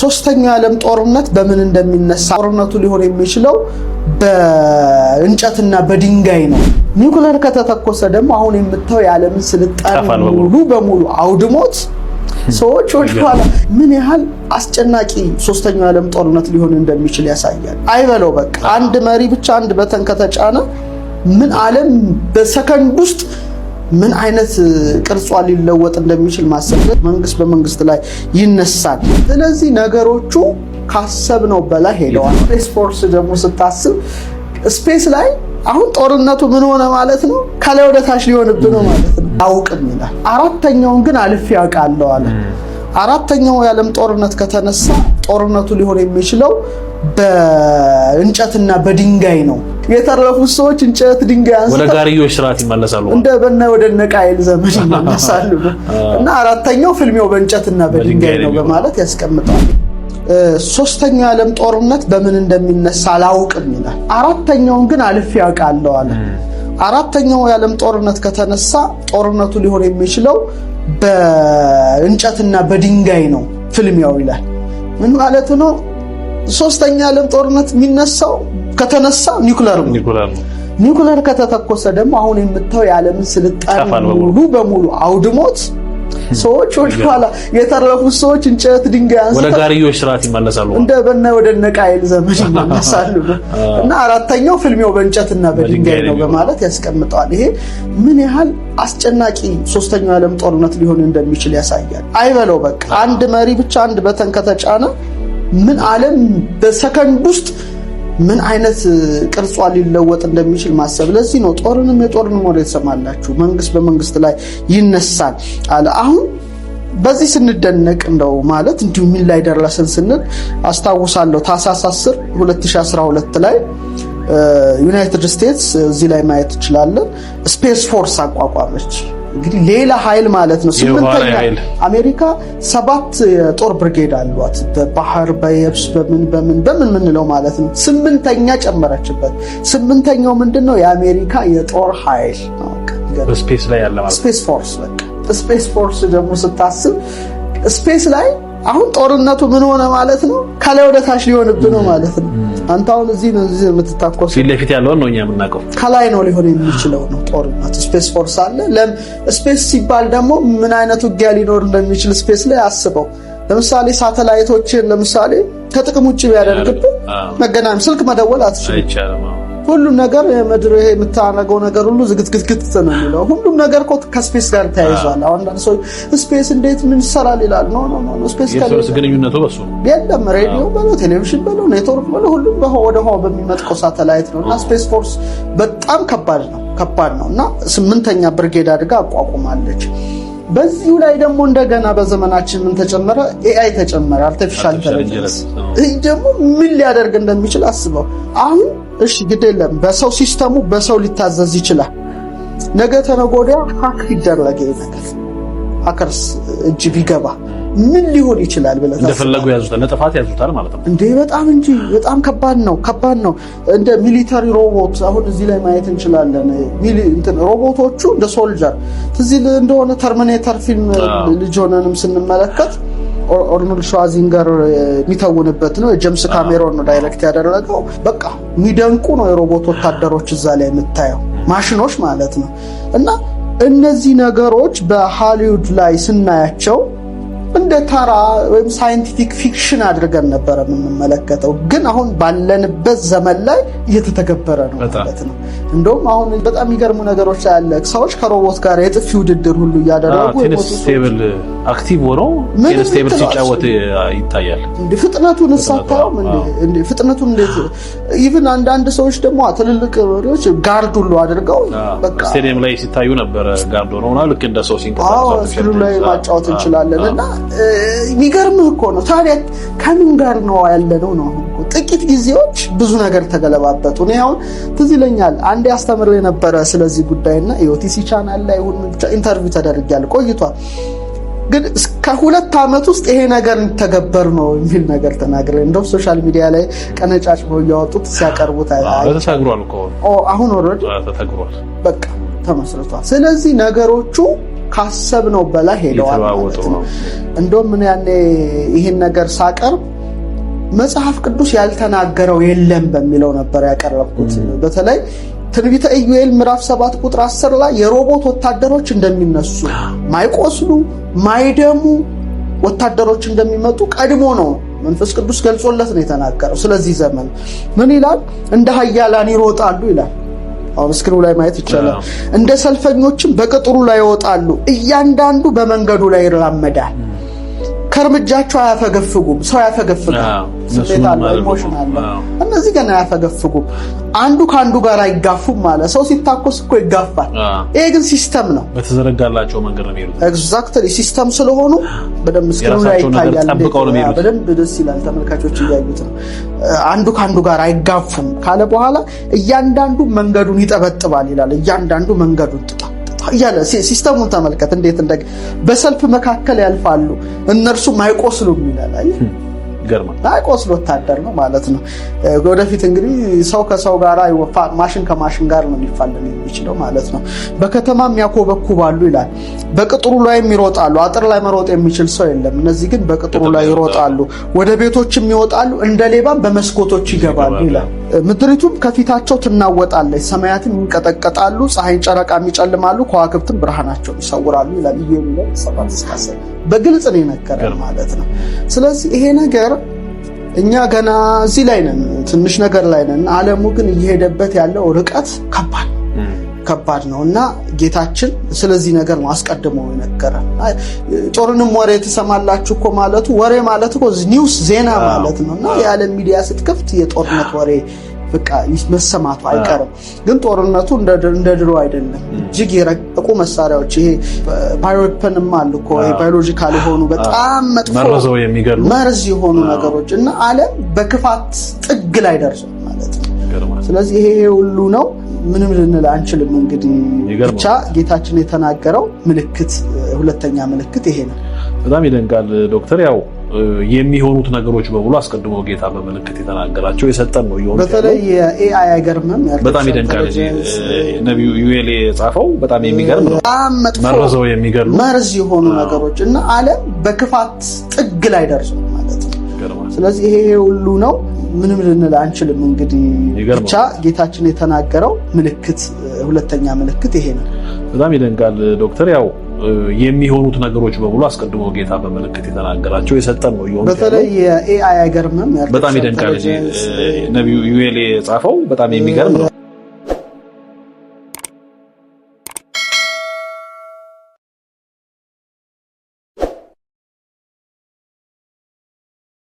ሶስተኛው የዓለም ጦርነት በምን እንደሚነሳ ጦርነቱ ሊሆን የሚችለው በእንጨትና በድንጋይ ነው። ኒውክለር ከተተኮሰ ደግሞ አሁን የምታየው የዓለምን ስልጣን ሙሉ በሙሉ አውድሞት ሰዎች ወደኋላ ምን ያህል አስጨናቂ ሶስተኛው የዓለም ጦርነት ሊሆን እንደሚችል ያሳያል። አይበለው በቃ አንድ መሪ ብቻ አንድ በተን ከተጫነ ምን ዓለም በሰከንድ ውስጥ ምን አይነት ቅርጿ ሊለወጥ እንደሚችል ማሰብ መንግስት በመንግስት ላይ ይነሳል። ስለዚህ ነገሮቹ ካሰብነው በላይ ሄደዋል። ስፔስ ፎርስ ደግሞ ስታስብ ስፔስ ላይ አሁን ጦርነቱ ምን ሆነ ማለት ነው፣ ከላይ ወደ ታች ሊሆንብህ ነው ማለት ነው። አውቅም ይላል። አራተኛውን ግን አልፌ ያውቃለሁ አለ አራተኛው የዓለም ጦርነት ከተነሳ ጦርነቱ ሊሆን የሚችለው በእንጨትና በድንጋይ ነው። የተረፉት ሰዎች እንጨት፣ ድንጋይ አንስተው ወደ ጋርዮሽ ስርዓት ይመለሳሉ፣ እንደ በነ ወደ ነቃይል ዘመን ይመለሳሉ። እና አራተኛው ፍልሚያው በእንጨትና በድንጋይ ነው በማለት ያስቀምጣል። ሶስተኛው የዓለም ጦርነት በምን እንደሚነሳ አላውቅም ይላል። አራተኛውን ግን አልፌ ያውቃለሁ አለ። አራተኛው የዓለም ጦርነት ከተነሳ ጦርነቱ ሊሆን የሚችለው በእንጨትና በድንጋይ ነው ፍልሚያው ይላል። ምን ማለቱ ነው? ሶስተኛ የዓለም ጦርነት የሚነሳው ከተነሳ ኒኩለር ነው። ኒኩለር ከተተኮሰ ደግሞ አሁን የምታየው የዓለምን ስልጣን ሙሉ በሙሉ አውድሞት ሰዎች ኋላ የተረፉት ሰዎች እንጨት፣ ድንጋይ አንስተው ወደ ጋርዮሽ ስርዓት ይመለሳሉ። እንደ በነ ወደ ነቃይል ዘመን ይመለሳሉ። እና አራተኛው ፍልሚያው በእንጨትና በድንጋይ ነው በማለት ያስቀምጠዋል። ይሄ ምን ያህል አስጨናቂ ሶስተኛው ዓለም ጦርነት ሊሆን እንደሚችል ያሳያል። አይበለው በቃ አንድ መሪ ብቻ አንድ በተን ከተጫነ ምን ዓለም በሰከንድ ውስጥ ምን አይነት ቅርጿ ሊለወጥ እንደሚችል ማሰብ። ለዚህ ነው ጦርንም የጦርን ወሬ የተሰማላችሁ መንግስት በመንግስት ላይ ይነሳል አለ። አሁን በዚህ ስንደነቅ እንደው ማለት እንዲሁ ምን ላይ ደረሰን ስንል አስታውሳለሁ ታህሳስ 10 2012 ላይ ዩናይትድ ስቴትስ እዚህ ላይ ማየት እንችላለን ስፔስ ፎርስ አቋቋመች። እንግዲህ ሌላ ኃይል ማለት ነው። ስምንተኛ አሜሪካ ሰባት የጦር ብርጌድ አሏት። በባህር በየብስ በምን በምን በምን ምንለው ማለት ነው። ስምንተኛ ጨመረችበት። ስምንተኛው ምንድን ነው? የአሜሪካ የጦር ኃይል ስፔስ ፎርስ። በቃ ስፔስ ፎርስ ደግሞ ስታስብ ስፔስ ላይ አሁን ጦርነቱ ምን ሆነ ማለት ነው? ከላይ ወደ ታች ሊሆንብህ ነው ማለት ነው። አንተ አሁን እዚህ ነው እዚህ የምትታኮስ ፊት ለፊት ያለውን ነው እኛ የምናውቀው። ከላይ ነው ሊሆን የሚችለው ነው ጦርነት። ስፔስ ፎርስ አለ። ስፔስ ሲባል ደግሞ ምን አይነት ውጊያ ሊኖር እንደሚችል ስፔስ ላይ አስበው። ለምሳሌ ሳተላይቶችን ለምሳሌ ከጥቅም ውጭ ቢያደርግብህ መገናኛ ስልክ መደወል አትችልም። ሁሉም ነገር ምድር ይሄ የምታደርገው ነገር ሁሉ ዝግትግትግት ነው የሚለው። ሁሉም ነገር እኮ ከስፔስ ጋር ተያይዟል። አሁን አንዳንድ ሰው ስፔስ እንዴት ምን ይሰራል ይላል። ኖ ኖ ኖ፣ ስፔስ ግንኙነቱ በሱ የለም። ሬዲዮ በለው፣ ቴሌቪዥን በለው፣ ኔትወርክ በለው፣ ሁሉም ወደ ሆ በሚመጥቀው ሳተላይት ነው። እና ስፔስ ፎርስ በጣም ከባድ ነው ከባድ ነው። እና ስምንተኛ ብርጌድ አድርጋ አቋቁማለች። በዚሁ ላይ ደግሞ እንደገና በዘመናችን ምን ተጨመረ? ኤአይ ተጨመረ። አርቲፊሻል ኢንተለጀንስ ይህ ደግሞ ምን ሊያደርግ እንደሚችል አስበው። አሁን እሺ ግድ የለም በሰው ሲስተሙ በሰው ሊታዘዝ ይችላል። ነገ ተነገ ወዲያ ሀክ ይደረገ ነገር ሀከርስ እጅ ቢገባ ምን ሊሆን ይችላል ብለህ እንደፈለጉ ያዙታል፣ ለጥፋት ያዙታል ማለት ነው እንዴ? በጣም እንጂ በጣም ከባድ ነው፣ ከባድ ነው። እንደ ሚሊተሪ ሮቦት አሁን እዚህ ላይ ማየት እንችላለን። ሚሊ እንትን ሮቦቶቹ እንደ ሶልጀር ትዝ ይልህ እንደሆነ ተርሚኔተር ፊልም ልጅ ሆነንም ስንመለከት ኦርኖልድ ሸዋዚንገር የሚተውንበት ነው። የጀምስ ካሜሮን ነው ዳይሬክት ያደረገው። በቃ የሚደንቁ ነው የሮቦት ወታደሮች እዛ ላይ የምታየው ማሽኖች ማለት ነው። እና እነዚህ ነገሮች በሃሊውድ ላይ ስናያቸው እንደ ተራ ወይም ሳይንቲፊክ ፊክሽን አድርገን ነበረ የምንመለከተው፣ ግን አሁን ባለንበት ዘመን ላይ እየተተገበረ ነው ማለት ነው። እንደውም አሁን በጣም የሚገርሙ ነገሮች ያለ ሰዎች ከሮቦት ጋር የጥፊ ውድድር ሁሉ እያደረጉ አክቲቭ ሆኖ ቴኒስ ሲጫወት ይታያል። ፍጥነቱን እሳታውም ፍጥነቱን እንዴት ኢቭን አንዳንድ ሰዎች ደግሞ ትልልቅ መሪዎች ጋርድ ሁሉ አድርገው ስቴዲየም ላይ ሲታዩ ነበረ ጋርድ ሆነው ልክ እንደ ሰው ሲንቀሳቀሱ ላይ ማጫወት እንችላለን እና የሚገርምህ እኮ ነው። ታዲያ ከምን ጋር ነው ያለነው? ነው ጥቂት ጊዜዎች ብዙ ነገር ተገለባበጡ። እኔ አሁን ትዝ ይለኛል አንዴ አስተምር የነበረ ስለዚህ ጉዳይና ኢኦቲሲ ቻናል ላይ ሁን ብቻ ኢንተርቪው ተደርጊያለሁ ቆይቷል። ግን ከሁለት ዓመት ውስጥ ይሄ ነገር ተገበር ነው የሚል ነገር ተናግረ እንደውም ሶሻል ሚዲያ ላይ ቀነጫጭ ነው እያወጡት ሲያቀርቡት ተተግሯል። አሁን ኦልሬዲ ተተግሯል፣ በቃ ተመስርቷል። ስለዚህ ነገሮቹ ካሰብነው በላይ ሄደዋል ማለት ነው። እንደውም ምን ያኔ ይህን ነገር ሳቀርብ መጽሐፍ ቅዱስ ያልተናገረው የለም በሚለው ነበር ያቀረብኩት። በተለይ ትንቢተ ኢዩኤል ምዕራፍ 7 ቁጥር 10 ላይ የሮቦት ወታደሮች እንደሚነሱ ማይቆስሉ ማይደሙ ወታደሮች እንደሚመጡ ቀድሞ ነው መንፈስ ቅዱስ ገልጾለት ነው የተናገረው። ስለዚህ ዘመን ምን ይላል? እንደ ኃያላን ይሮጣሉ ይላል። አሁን እስክሪኑ ላይ ማየት ይቻላል። እንደ ሰልፈኞችም በቅጥሩ ላይ ይወጣሉ፣ እያንዳንዱ በመንገዱ ላይ ይራመዳል። ከእርምጃቸው አያፈገፍጉም። ሰው ያፈገፍጋል፣ ስሜት አለ፣ ኢሞሽን አለ። እነዚህ ገና አያፈገፍጉም። አንዱ ከአንዱ ጋር አይጋፉም ማለት ሰው ሲታኮስ እኮ ይጋፋል። ይሄ ግን ሲስተም ነው፣ በተዘረጋላቸው መንገድ ነው የሚሄዱት። ኤግዛክትሊ ሲስተም ስለሆኑ በደንብ ስክሪኑ ላይ ይታያል፣ በደንብ ደስ ይላል። ተመልካቾች እያዩት ነው። አንዱ ከአንዱ ጋር አይጋፉም ካለ በኋላ እያንዳንዱ መንገዱን ይጠበጥባል ይላል። እያንዳንዱ መንገዱን ጥጣ እያለ ሲስተሙን ተመልከት እንዴት እንደ በሰልፍ መካከል ያልፋሉ እነርሱ አይቆስሉም ይላል። አይቆስል ወታደር ነው ማለት ነው። ወደፊት እንግዲህ ሰው ከሰው ጋር ይወፋ፣ ማሽን ከማሽን ጋር ነው የሚፋለም የሚችለው ማለት ነው። በከተማም ያኮበኩባሉ ይላል። በቅጥሩ ላይም ይሮጣሉ። አጥር ላይ መሮጥ የሚችል ሰው የለም። እነዚህ ግን በቅጥሩ ላይ ይሮጣሉ፣ ወደ ቤቶችም ይወጣሉ፣ እንደ ሌባም በመስኮቶች ይገባሉ ይላል። ምድሪቱም ከፊታቸው ትናወጣለች፣ ሰማያትም ይንቀጠቀጣሉ፣ ፀሐይን ጨረቃ የሚጨልማሉ፣ ከዋክብትም ብርሃናቸውን ይሰውራሉ ይላል ኢዮብ የሚለው ሰባት በግልጽ ነው የነገረን ማለት ነው። ስለዚህ ይሄ ነገር እኛ ገና እዚህ ላይ ነን፣ ትንሽ ነገር ላይ ነን። ዓለሙ ግን እየሄደበት ያለው ርቀት ከባድ ነው። ከባድ ነው እና ጌታችን ስለዚህ ነገር ነው አስቀድሞ የነገረን። ጦርንም ወሬ ትሰማላችሁ እኮ ማለቱ ወሬ ማለት እኮ ኒውስ ዜና ማለት ነው እና የዓለም ሚዲያ ስትከፍት የጦርነት ወሬ በቃ መሰማቱ አይቀርም። ግን ጦርነቱ እንደ ድሮ አይደለም። እጅግ የረቀቁ መሳሪያዎች ይሄ ባዮፐንም አሉ እኮ ባዮሎጂካል የሆኑ በጣም መጥፎ መርዝ የሆኑ ነገሮች እና ዓለም በክፋት ጥግ ላይ ደርሷል። ስለዚህ ይሄ ሁሉ ነው። ምንም ልንል አንችልም። እንግዲህ ብቻ ጌታችን የተናገረው ምልክት፣ ሁለተኛ ምልክት ይሄ ነው። በጣም ይደንቃል ዶክተር። ያው የሚሆኑት ነገሮች በሙሉ አስቀድሞ ጌታ በምልክት የተናገራቸው የሰጠን ነው። ይሆኑ በተለይ የኤአይ አይገርምም። በጣም ይደንቃል። ነቢዩ ዩኤል የጻፈው በጣም የሚገርም ነው። መርዘው የሚገሉ መርዝ የሆኑ ነገሮች እና ዓለም በክፋት ጥግ ላይ ደርሷል ማለት ነው። ስለዚህ ይሄ ሁሉ ነው። ምንም ልንል አንችልም። እንግዲህ ብቻ ጌታችን የተናገረው ምልክት፣ ሁለተኛ ምልክት ይሄ ነው። በጣም ይደንቃል ዶክተር። ያው የሚሆኑት ነገሮች በሙሉ አስቀድሞ ጌታ በምልክት የተናገራቸው የሰጠን ነው። ይሁን በተለይ የኤአይ አይገርምም? በጣም ይደንቃል። ነቢዩ ዩኤል የጻፈው በጣም የሚገርም ነው።